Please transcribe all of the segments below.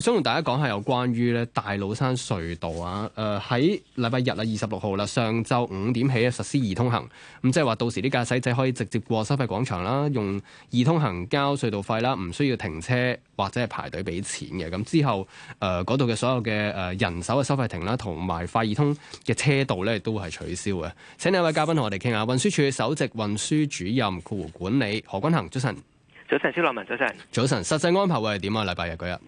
想同大家講下有關於咧大老山隧道啊，誒喺禮拜日啊，二十六號啦，上晝五點起啊實施易通行，咁即係話到時啲駕駛者可以直接過收費廣場啦，用易通行交隧道費啦，唔需要停車或者係排隊俾錢嘅。咁之後誒嗰度嘅所有嘅誒人手嘅收費亭啦，同埋快易通嘅車道咧都係取消嘅。請兩位嘉賓同我哋傾下運輸署首席運輸主任括弧管理何均衡，早晨，早晨，蕭樂文，早晨，早晨，實際安排會係點啊？禮拜日嗰日。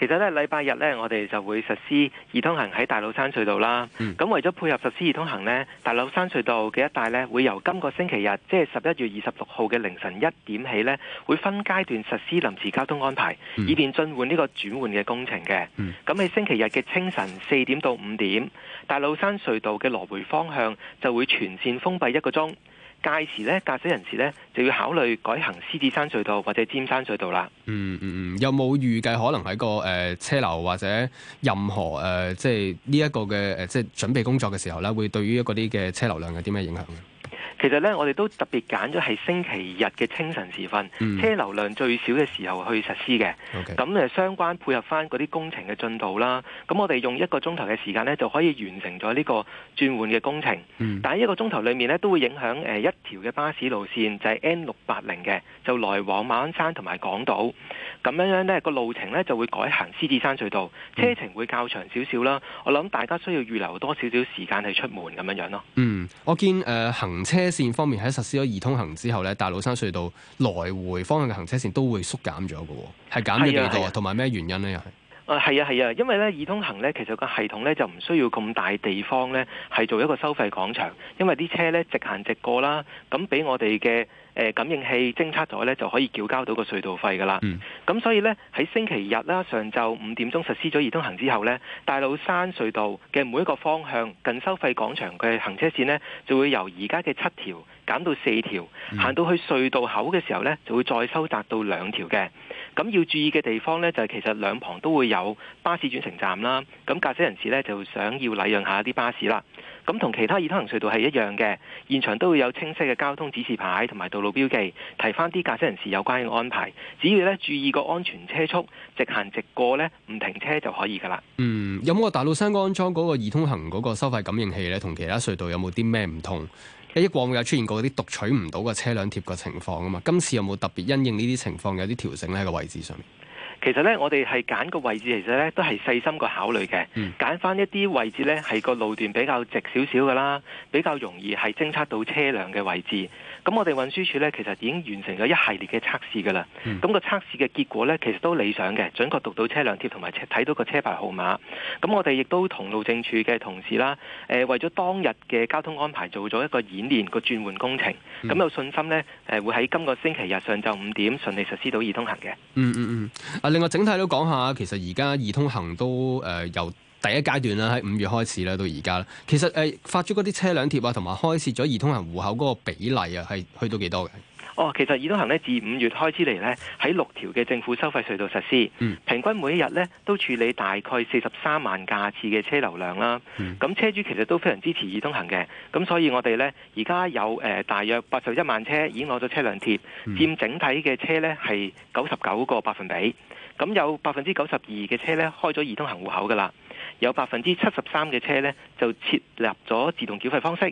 其實咧，禮拜日咧，我哋就會實施易通行喺大老山隧道啦。咁、嗯、為咗配合實施易通行呢，大老山隧道嘅一帶咧，會由今個星期日，即係十一月二十六號嘅凌晨一點起呢，會分階段實施臨時交通安排，以便進換呢個轉換嘅工程嘅。咁、嗯、喺星期日嘅清晨四點到五點，大老山隧道嘅來回方向就會全線封閉一個鐘。屆時咧，駕駛人士咧就要考慮改行獅子山隧道或者尖山隧道啦。嗯嗯嗯，有冇預計可能喺個誒、呃、車流或者任何誒、呃、即係呢一個嘅誒、呃、即係準備工作嘅時候咧，會對於一啲嘅車流量有啲咩影響？其實咧，我哋都特別揀咗係星期日嘅清晨時分，嗯、車流量最少嘅時候去實施嘅。咁、okay. 誒相關配合翻嗰啲工程嘅進度啦，咁我哋用一個鐘頭嘅時間呢，就可以完成咗呢個轉換嘅工程。嗯、但係一個鐘頭裏面呢，都會影響誒一條嘅巴士路線，就係 N 六八零嘅，就來往馬鞍山同埋港島。咁樣樣呢，個路程呢，就會改行獅子山隧道，嗯，車程會較長少少啦。我諗大家需要預留多少少時間去出門咁樣樣咯。嗯，我見誒、呃、行車線方面喺實施咗二通行之後咧，大老山隧道來回方向嘅行車線都會縮減咗嘅，係減咗幾多，同埋咩原因呢？又係誒，係啊係啊，因為咧二通行咧，其實個系統咧就唔需要咁大地方咧，係做一個收費廣場，因為啲車咧直行直過啦，咁俾我哋嘅誒感應器偵測咗呢，就可以繳交到個隧道費噶啦。咁、嗯、所以呢，喺星期日啦，上晝五點鐘實施咗易通行之後呢，大老山隧道嘅每一個方向近收費廣場嘅行車線呢，就會由而家嘅七條減到四條，行到去隧道口嘅時候呢，就會再收窄到兩條嘅。咁要注意嘅地方呢，就係、其實兩旁都會有巴士轉乘站啦。咁駕駛人士呢，就想要禮讓一下啲巴士啦。咁同其他易通行隧道係一樣嘅，現場都會有清晰嘅交通指示牌同埋道路標記，提翻啲駕駛人士有關嘅安排。只要咧注意個安全車速，直行直過咧唔停車就可以噶啦。嗯，有冇大老山安裝嗰個易通行嗰個收費感應器咧，同其他隧道有冇啲咩唔同？一過往有出現過啲讀取唔到個車輛貼個情況啊嘛，今次有冇特別因應呢啲情況有啲調整呢個位置上面？其實呢，我哋係揀個位置，其實呢，都係細心個考慮嘅。揀、嗯、翻一啲位置呢，係個路段比較直少少噶啦，比較容易係偵測到車輛嘅位置。咁我哋運輸署呢，其實已經完成咗一系列嘅測試噶啦。咁、嗯，個測試嘅結果呢，其實都理想嘅，準確讀到車輛貼同埋睇到個車牌號碼。咁我哋亦都同路政署嘅同事啦，誒、呃，為咗當日嘅交通安排做咗一個演練個轉換工程。咁、嗯、有信心呢，呃、會喺今個星期日上晝五點順利實施到易通行嘅。嗯嗯嗯另外，整體都講下，其實而家易通行都誒、呃、由第一階段啦，喺五月開始啦，到而家啦。其實誒、呃、發出嗰啲車輛貼啊，同埋開設咗易通行戶口嗰個比例啊，係去到幾多嘅？哦，其實易通行咧，自五月開始嚟咧，喺六條嘅政府收費隧道實施，嗯、平均每一日咧都處理大概四十三萬架次嘅車流量啦。咁、嗯、車主其實都非常支持易通行嘅，咁所以我哋咧而家有誒、呃、大約八十一萬車已經攞咗車輛貼、嗯，佔整體嘅車咧係九十九個百分比。咁有百分之九十二嘅車咧開咗易通行戶口噶啦，有百分之七十三嘅車咧就設立咗自動繳費方式。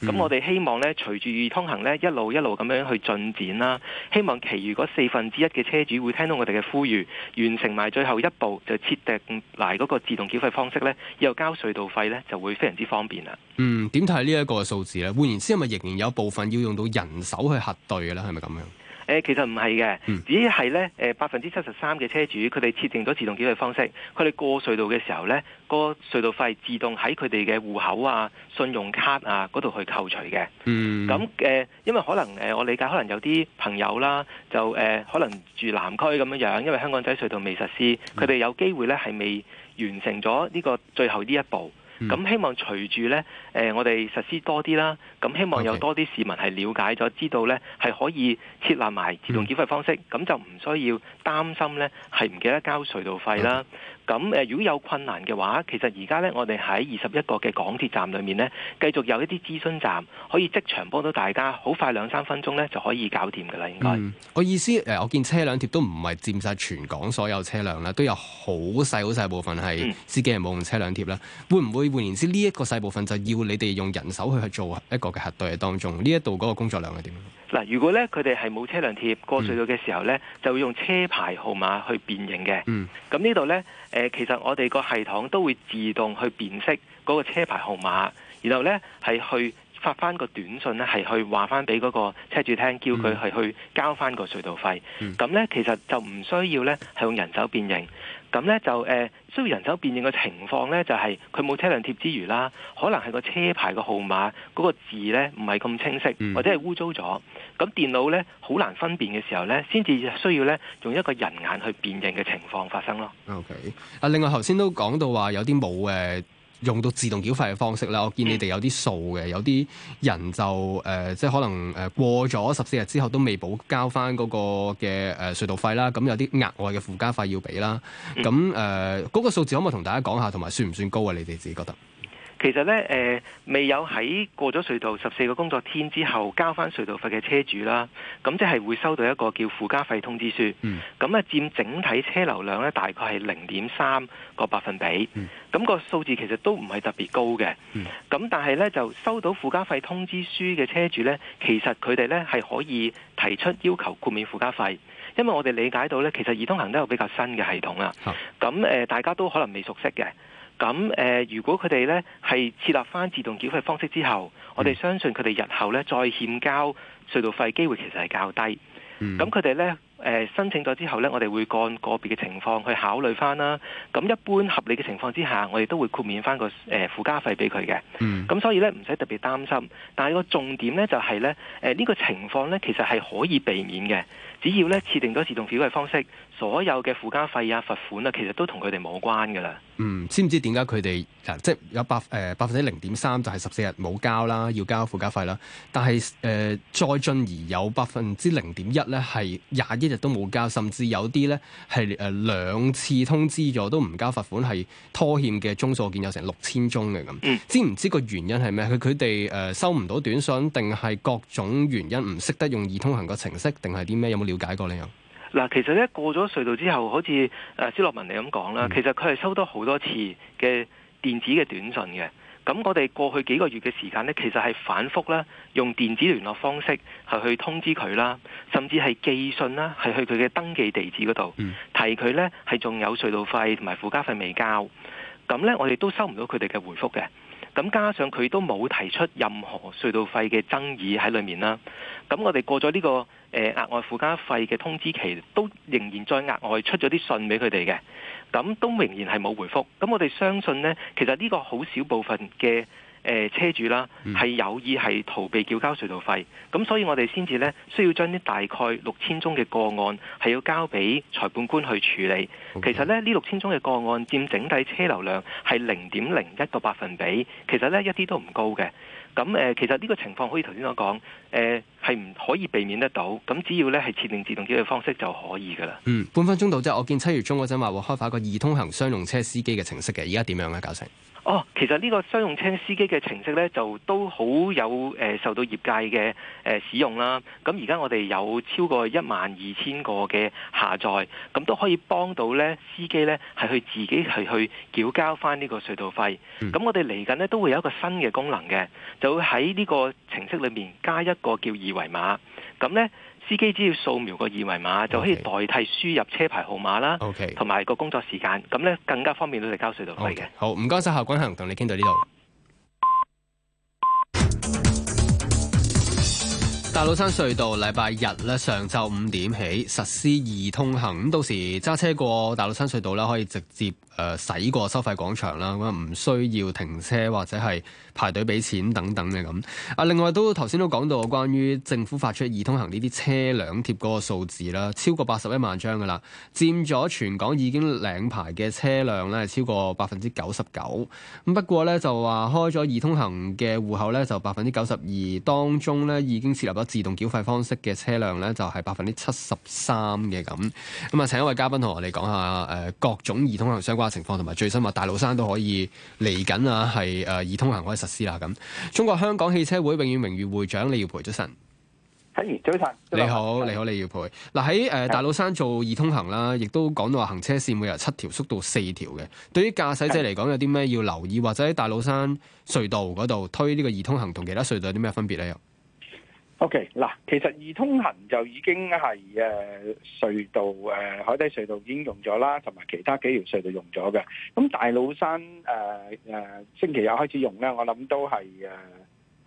咁我哋希望咧隨住易通行咧一路一路咁樣去進展啦。希望其餘嗰四分之一嘅車主會聽到我哋嘅呼籲，完成埋最後一步就設定埋嗰個自動繳費方式咧，以後交隧道費咧就會非常之方便啦。嗯，點睇呢一個數字咧？換言之，係咪仍然有部分要用到人手去核對嘅咧？係咪咁樣？誒、呃，其實唔係嘅，只係咧，誒、呃，百分之七十三嘅車主，佢哋設定咗自動繳費方式，佢哋過隧道嘅時候咧，個隧道費自動喺佢哋嘅戶口啊、信用卡啊嗰度去扣除嘅。嗯，咁、呃、誒，因為可能誒、呃，我理解可能有啲朋友啦，就誒、呃，可能住南區咁樣樣，因為香港仔隧道未實施，佢哋有機會咧係未完成咗呢個最後呢一步。咁、嗯、希望隨住呢，誒，我哋實施多啲啦。咁希望有多啲市民係了解咗，知道呢係可以設立埋自動繳費方式，咁、嗯、就唔需要擔心呢係唔記得交隧道費啦。咁、嗯、誒，如果有困難嘅話，其實而家呢，我哋喺二十一個嘅港鐵站裏面呢，繼續有一啲諮詢站，可以即場幫到大家，好快兩三分鐘呢就可以搞掂㗎啦。應該。嗯、我意思誒，我見車輛貼都唔係佔晒全港所有車輛啦，都有好細好細部分係司機人冇用車輛貼啦，會唔會？換言之，呢、這、一個細部分就要你哋用人手去去做一個嘅核對當中，呢一度嗰個工作量係點？嗱，如果咧佢哋係冇車輛貼過隧道嘅時候咧，就會用車牌號碼去辨認嘅。嗯，咁呢度咧，誒，其實我哋個系統都會自動去辨識嗰個車牌號碼，然後咧係去發翻個短信咧，係去話翻俾嗰個車主聽，叫佢係去交翻個隧道費。咁、嗯、咧，其實就唔需要咧，係用人手辨認。咁咧就誒、呃、需要人手辨認嘅情況咧，就係佢冇車輛貼之餘啦，可能係個車牌個號碼嗰、嗰個字咧唔係咁清晰，或者係污糟咗，咁電腦咧好難分辨嘅時候咧，先至需要咧用一個人眼去辨認嘅情況發生咯。OK。啊，另外頭先都講到話有啲冇誒。用到自動繳費嘅方式啦，我見你哋有啲數嘅，有啲人就誒、呃，即係可能誒過咗十四日之後都未補交翻嗰個嘅誒隧道費啦。咁有啲額外嘅附加費要俾啦。咁誒嗰個數字可唔可以同大家講下，同埋算唔算高啊？你哋自己覺得。其實咧，誒、呃、未有喺過咗隧道十四個工作天之後交返隧道費嘅車主啦，咁即係會收到一個叫附加費通知書。咁、嗯、啊，佔整體車流量咧，大概係零點三個百分比。咁、嗯，那個數字其實都唔係特別高嘅。咁、嗯、但係咧，就收到附加費通知書嘅車主咧，其實佢哋咧係可以提出要求豁免附加費，因為我哋理解到咧，其實易通行都有比較新嘅系統啦。咁大家都可能未熟悉嘅。咁、呃、如果佢哋咧係設立翻自動繳費方式之後，我哋相信佢哋日後咧再欠交隧道費機會其實係較低。咁佢哋咧呃、申請咗之後咧，我哋會按個別嘅情況去考慮翻啦。咁一般合理嘅情況之下，我哋都會豁免翻個、呃、附加費俾佢嘅。咁、嗯、所以咧唔使特別擔心。但係個重點咧就係咧呃、呢個情況咧其實係可以避免嘅，只要咧設定咗自動繳費方式。所有嘅附加費啊、罰款啊，其實都同佢哋冇關噶啦。嗯，知唔知點解佢哋啊？即係有百誒百分之零點三就係十四日冇交啦，要交附加費啦。但係誒、呃、再進而有百分之零點一咧，係廿一日都冇交，甚至有啲咧係誒兩次通知咗都唔交罰款，係拖欠嘅宗數見有成六千宗嘅咁、嗯。知唔知個原因係咩？佢佢哋誒收唔到短信，定係各種原因唔識得用易通行個程式，定係啲咩？有冇了解過咧？嗱，其實咧過咗隧道之後，好似誒蕭洛文你咁講啦，其實佢係收到好多次嘅電子嘅短信嘅。咁我哋過去幾個月嘅時間呢，其實係反覆啦，用電子聯絡方式係去通知佢啦，甚至係寄信啦，係去佢嘅登記地址嗰度提佢呢係仲有隧道費同埋附加費未交。咁呢，我哋都收唔到佢哋嘅回覆嘅。咁加上佢都冇提出任何隧道費嘅爭議喺裏面啦。咁我哋過咗呢個誒額外附加費嘅通知期，都仍然再額外出咗啲信俾佢哋嘅，咁都仍然係冇回覆，咁我哋相信呢，其實呢個好少部分嘅。誒、嗯嗯、車主啦，係有意係逃避繳交隧道費，咁所以我哋先至呢，需要將啲大概六千宗嘅個案係要交俾裁判官去處理。Okay. 其實呢呢六千宗嘅個案佔整體車流量係零點零一個百分比，其實呢一啲都唔高嘅。咁誒其實呢個情況可以頭先所講，係唔可以避免得到。咁只要呢係設定自動繳費方式就可以噶啦。嗯，半分鐘到啫。我見七月中嗰陣話會開發一個易通行商用車司機嘅程式嘅，而家點樣呢？搞成。哦，其實呢個商用車司機嘅程式呢，就都好有誒、呃、受到業界嘅誒、呃、使用啦。咁而家我哋有超過一萬二千個嘅下載，咁都可以幫到呢司機呢，係去自己係去，去繳交翻呢個隧道費。咁、嗯、我哋嚟緊呢，都會有一個新嘅功能嘅，就會喺呢個程式裏面加一個叫二維碼。咁呢司機只要掃描個二維碼就可以代替輸入車牌號碼啦，同埋個工作時間。咁呢更加方便到你交隧道費嘅。Okay. 好，唔該晒，何均衡同你傾到呢度。 大老山隧道禮拜日咧上晝五點起實施易通行，咁到時揸車過大老山隧道啦，可以直接，誒駛過收費廣場啦，咁啊唔需要停車或者係排隊俾錢等等嘅咁。啊，另外都頭先都講到關於政府發出易通行呢啲車輛貼嗰個數字啦，超過八十一萬張噶啦，佔咗全港已經領牌嘅車輛咧，超過百分之九十九。咁不過咧就話開咗易通行嘅戶口咧，就百分之九十二，當中咧已經設立咗自動繳費方式嘅車輛咧，就係百分之七十三嘅咁。咁啊，請一位嘉賓同我哋講下誒各種易通行相關。情況同埋最新話，大老山都可以嚟緊啊。係誒，易通行可以實施啦咁。中國香港汽車會永遠榮譽會長李耀培，早晨，早晨，你好你好。李耀培嗱，喺誒大老山做易通行啦，亦都講到話行車線每日七條縮到四條嘅。對於駕駛者嚟講，有啲咩要留意，或者喺大老山隧道嗰度推呢個易通行同其他隧道有啲咩分別咧？又 O.K. 嗱，其實易通行就已經係誒隧道誒、呃、海底隧道已經用咗啦，同埋其他幾條隧道用咗嘅。咁大老山誒誒、呃、星期日開始用咧，我諗都係誒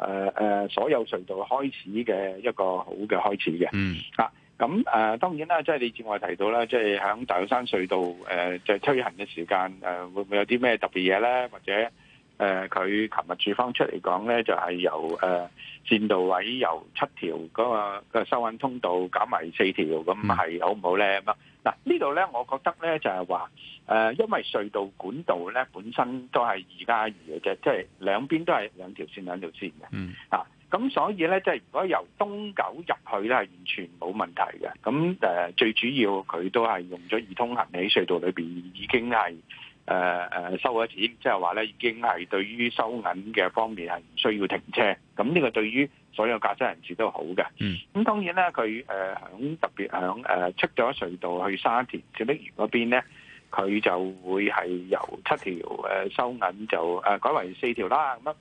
誒誒所有隧道開始嘅一個好嘅開始嘅。嗯。啊，咁誒、呃、當然啦，即、就、係、是、你之外提到啦，即係響大老山隧道誒即係推行嘅時間誒、呃，會唔會有啲咩特別嘢咧，或者？誒佢琴日署方出嚟講咧，就係、是、由誒、呃、線道位由七條嗰個收費通道減為四條，咁係好唔好咧？咁嗱呢度咧，嗯、我覺得咧就係話誒，因為隧道管道咧本身都係二加二嘅啫，即係兩邊都係兩條線兩條線嘅、嗯，啊咁所以咧，即、就、係、是、如果由東九入去咧，係完全冇問題嘅。咁誒、呃、最主要佢都係用咗易通行喺隧道裏邊，已經係。誒誒收咗錢，即係話咧，已經係對於收銀嘅方面係唔需要停車。咁呢個對於所有駕駛人士都好嘅。咁、嗯、當然啦，佢誒響特別響誒、呃、出咗隧道去沙田小瀝源嗰邊咧，佢就會係由七條誒、呃、收銀就誒、呃、改為四條啦。咁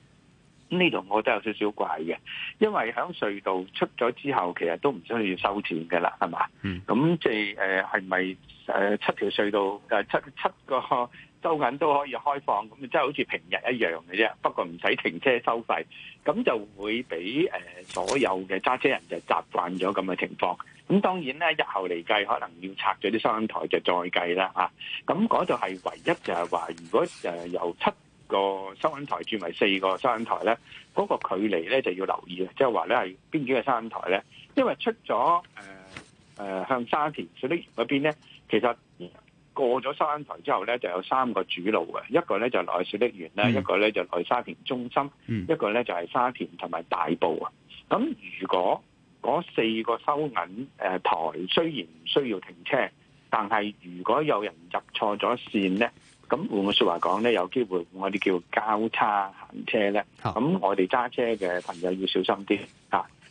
呢度我都有少少怪嘅，因為響隧道出咗之後，其實都唔需要收錢嘅啦，係嘛？咁即係誒係咪誒七條隧道誒、呃、七七個？收銀都可以開放，咁即係好似平日一樣嘅啫。不過唔使停車收費，咁就會俾誒所有嘅揸車人就習慣咗咁嘅情況。咁當然咧，日後嚟計可能要拆咗啲收銀台就再計啦嚇。咁嗰度係唯一就係話，如果誒由七個收銀台轉為四個收銀台咧，嗰個距離咧就要留意啊。即係話咧係邊幾個收銀台咧？因為出咗誒誒向沙田水力園嗰邊咧，其實。過咗收銀台之後咧，就有三個主路嘅，一個咧就內小瀝源啦，一個咧就內、是、沙田中心，嗯、一個咧就係、是、沙田同埋大埔啊。咁如果嗰四個收銀台雖然唔需要停車，但係如果有人入錯咗線咧，咁換個說話講咧，有機會我哋叫交叉行車咧。咁、嗯、我哋揸車嘅朋友要小心啲。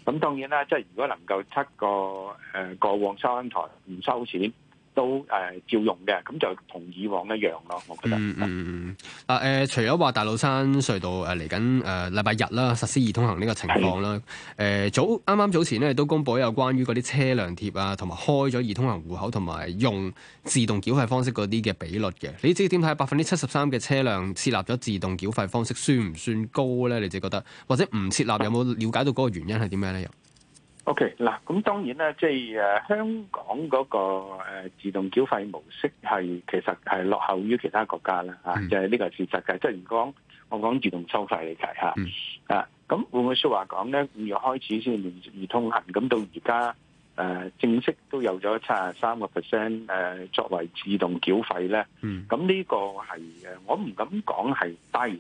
咁當然啦，即係如果能夠七個誒、呃、過往收銀台唔收錢。都誒、呃、照用嘅，咁就同以往一樣咯，我覺得。嗯，嗯啊誒、呃，除咗話大老山隧道誒嚟緊誒禮拜日啦實施易通行呢個情況啦，誒、呃、早啱啱早前咧都公佈有關於嗰啲車輛貼啊，同埋開咗易通行戶口同埋用自動繳費方式嗰啲嘅比率嘅，你知點睇？百分之七十三嘅車輛設立咗自動繳費方式，算唔算高呢？你自己覺得，或者唔設立有冇了解到嗰個原因係點樣呢？O.K. 嗱，咁當然咧，即係誒香港嗰個誒自動繳費模式係其實係落後於其他國家啦，嚇，就係呢個事實嘅。即係講我講自動收費嚟計嚇，啊，咁換句説話講咧，五月開始先至易通行，咁到而家誒正式都有咗七十三個 percent 誒作為自動繳費咧，咁呢個係誒我唔敢講係低。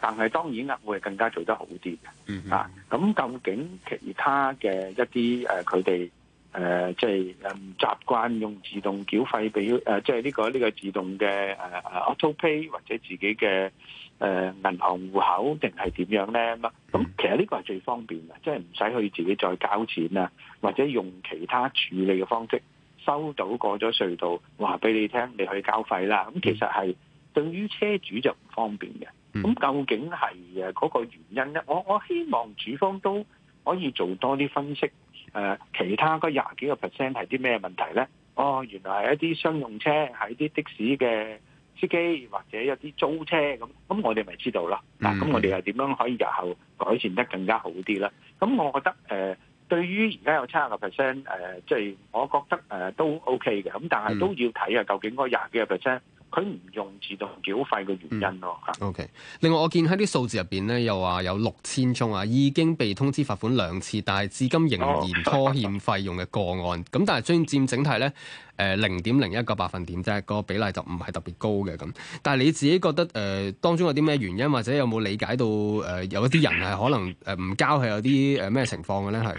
但係當然，我會更加做得好啲嘅。嗯啊，咁究竟其他嘅一啲誒，佢哋誒即係誒唔習慣用自動繳費，畀即係呢個呢、呢個自動嘅誒誒、呃、AutoPay 或者自己嘅誒、呃、銀行戶口定係點樣咧咁？咁其實呢個係最方便嘅，即係唔使去自己再交錢啦，或者用其他處理嘅方式收到過咗隧道話俾你聽，你去交費啦。咁其實係對於車主就唔方便嘅。咁、嗯、究竟係誒嗰個原因咧？我我希望主方都可以做多啲分析。誒、呃，其他嗰廿幾個 percent 係啲咩問題咧？哦，原來係一啲商用車，係啲的士嘅司機，或者一啲租車咁。咁我哋咪知道囉。嗱、嗯，咁我哋又點樣可以日後改善得更加好啲咧？咁我覺得誒、呃，對於而家有七十個 percent 誒，即、呃、係、就是、我覺得誒、呃、都 OK 嘅。咁但係都要睇下究竟嗰廿幾個 percent 佢唔用自動繳費嘅原因咯、哦。嗯、o、okay. K，另外我見喺啲數字入邊咧，又話有六千宗啊，已經被通知罰款兩次，但係至今仍然拖欠費用嘅個案。咁、哦、 但係佔整體咧，誒零點零一個百分點啫，嗰個比例就唔係特別高嘅咁。但係你自己覺得誒、呃、當中有啲咩原因，或者有冇理解到誒、呃、有一啲人係可能誒唔、呃、交係有啲誒咩情況嘅咧？係。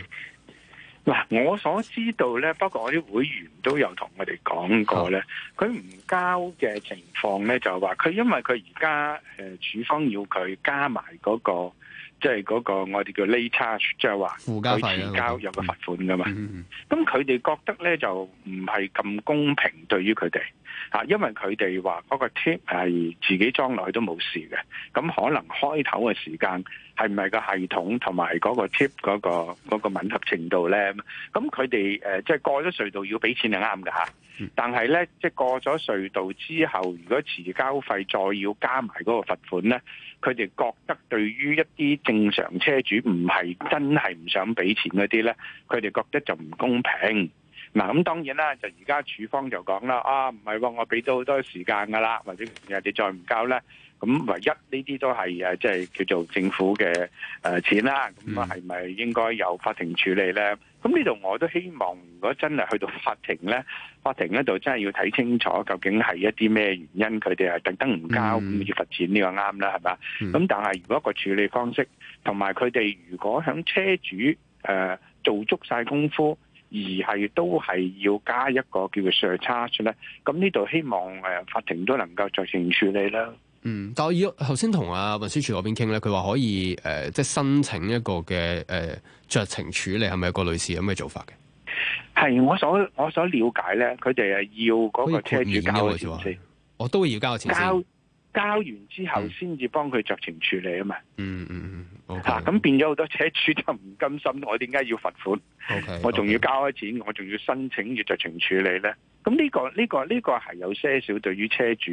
嗱，我所知道咧，不過我啲會員都有同我哋講過咧，佢、啊、唔交嘅情況咧就係話，佢因為佢而家誒處方要佢加埋嗰、嗰個，即係嗰個我哋叫 late charge，即係話遲交有個罰款噶嘛。咁佢哋覺得咧就唔係咁公平對於佢哋嚇，因為佢哋話嗰個 tip 係自己裝落去都冇事嘅，咁可能開頭嘅時間。係唔係個系統同埋嗰個 tip 嗰個、嗰個吻合程度咧？咁佢哋誒即係過咗隧道要俾錢係啱㗎吓，但係咧即係過咗隧道之後，如果遲交費再要加埋嗰個罰款咧，佢哋覺得對於一啲正常車主唔係真係唔想俾錢嗰啲咧，佢哋覺得就唔公平。嗱咁當然啦，就而家署方就講啦，啊唔係喎，我俾咗好多時間㗎啦，或者人哋再唔交咧。咁唯一呢啲都係誒，即、就、係、是、叫做政府嘅誒、呃、錢啦。咁啊，係咪應該由法庭處理咧？咁呢度我都希望，如果真係去到法庭咧，法庭呢度真係要睇清楚，究竟係一啲咩原因，佢哋係特登唔交，咁要罰錢呢個啱啦，係嘛？咁、嗯、但係如果一個處理方式，同埋佢哋如果響車主誒、呃、做足晒功夫，而係都係要加一個叫做 surcharge 咧，咁呢度希望誒、呃、法庭都能夠酌情處理啦。嗯，但我要頭先同阿運輸署嗰邊傾咧，佢話可以誒、呃，即係申請一個嘅誒酌情處理，係咪個類似咁嘅做法嘅？係我所我所了解咧，佢哋係要嗰個車主交錢我，我都要交錢交交完之後先至幫佢酌情處理啊嘛。嗯嗯嗯，吓、okay, 咁、啊、變咗好多車主就唔甘心，我點解要罰款？Okay, okay. 我仲要交咗錢，我仲要申請要酌情處理咧？咁呢、呢個呢、呢個呢、呢個係有些少對於車主。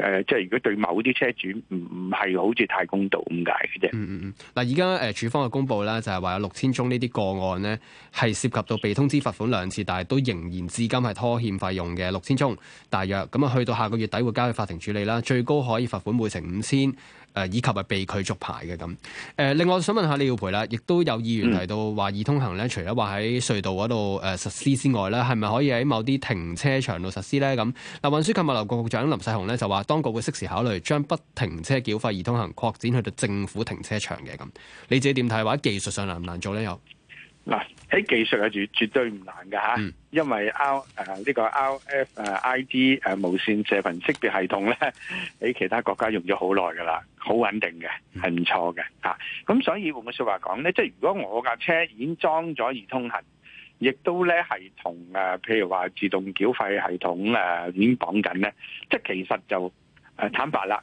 誒，即係如果對某啲車主唔唔係好似太公道咁解嘅啫。嗯嗯嗯。嗱，而家誒署方嘅公佈呢，就係話有六千宗呢啲個案呢，係涉及到被通知罰款兩次，但係都仍然至今係拖欠費用嘅六千宗，大約咁啊，去到下個月底會交去法庭處理啦，最高可以罰款每成五千。誒以及被拒續牌嘅咁。誒，另外想問下李耀培啦，亦都有議員提到話易、嗯、通行咧，除咗話喺隧道嗰度誒實施之外咧，係咪可以喺某啲停車場度實施咧？咁嗱，運輸及物流局局長林世雄咧就話，當局會適時考慮將不停車繳費易通行擴展去到政府停車場嘅咁。你自己點睇？話技術上難唔難做咧？又？嗱，喺技術係絕絕對唔難㗎、嗯。因為 R 誒、uh、呢、這個 RF ID 誒、uh, 無線射頻識別系統咧，喺 其他國家用咗好耐㗎啦，好穩定嘅，係唔錯嘅吓。咁所以換句說話講咧，即係如果我架車已經裝咗易通行，亦都咧係同誒譬如話自動繳費系統誒、啊、已經綁緊咧，即係其實就誒、啊、坦白啦，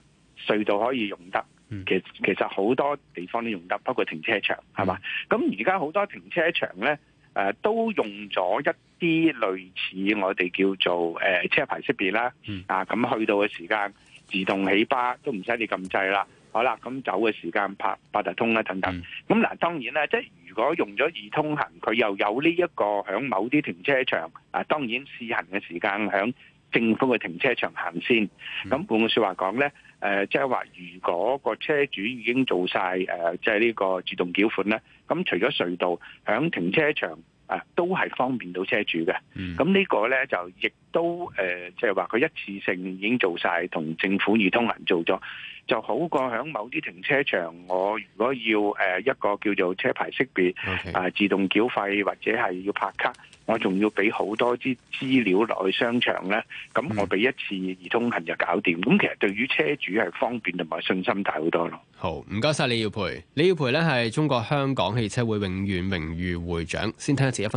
隧道可以用得。其、嗯、其實好多地方都用得，包括停車場，係嘛？咁而家好多停車場咧，誒、呃，都用咗一啲類似我哋叫做誒、呃、車牌識別啦、嗯，啊，咁去到嘅時間自動起巴都唔使你撳掣啦。好啦，咁走嘅時間拍八達通啦等等。咁、嗯、嗱、啊，當然咧，即係如果用咗易通行，佢又有呢一個喺某啲停車場啊，當然試行嘅時間喺政府嘅停車場行先。咁換句說話講咧。誒、呃，即係話，如果個車主已經做晒，誒、呃，即係呢個自動繳款咧，咁除咗隧道，響停車場啊、呃，都係方便到車主嘅。咁、嗯、呢個咧就亦都誒，即係話佢一次性已經做晒，同政府易通行做咗。就好過響某啲停車場，我如果要誒、呃、一個叫做車牌識別啊、okay. 呃，自動繳費或者係要拍卡，我仲要俾好多啲資料落去商場咧，咁我俾一次易通行就搞掂。咁其實對於車主係方便同埋信心大好多咯。好，唔該晒，李耀培，李耀培咧係中國香港汽車會永遠榮譽會長，先聽一次一